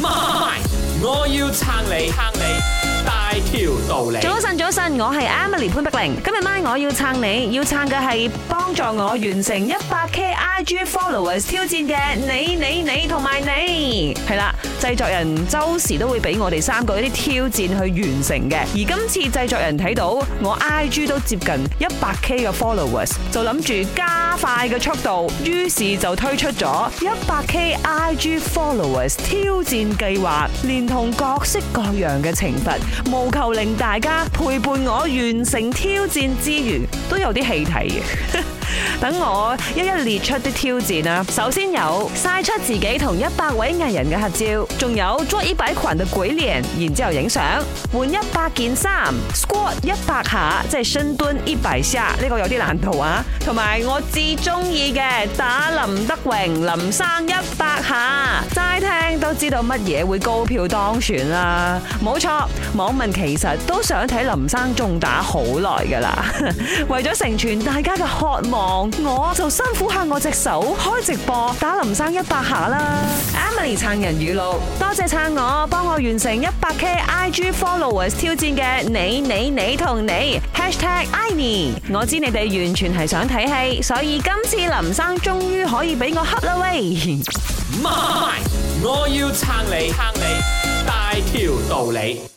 My. 我要撐你撐你大條道理。早晨早晨，我係 Emily 潘碧玲。今日晚我要撐你，要撐嘅係幫助我完成一百 K IG followers 挑戰嘅你你你同埋你係啦。製作人周時都會俾我哋三個一啲挑戰去完成嘅。而今次製作人睇到我 I G 都接近一百 K 嘅 followers，就諗住加快嘅速度，於是就推出咗一百 K I G followers 挑戰計劃，連同各式各樣嘅懲罰，務求令大家陪伴我完成挑戰之餘，都有啲戲睇嘅。等我一一列出啲挑戰啊。首先有晒出自己同一百位藝人嘅合照，仲有捉一百裙度鬼臉，然之後影相，換一百件衫，squat 一百下，即係深蹲一百下，呢個有啲難度啊。同埋我至中意嘅打林德榮林生一百下，齋聽都知道乜嘢會高票當選啦。冇錯，網民其實都想睇林生仲打好耐噶啦，為咗成全大家嘅渴望。我就辛苦下我隻手開直播打林生一百下啦，Emily 撐人語錄，多謝撐我，幫我完成一百 K IG followers 挑戰嘅你你你同你 hashtag #Emily，我知你哋完全係想睇戲，所以今次林生終於可以俾我 cut away。喂，我要撐你撐你，大條道理。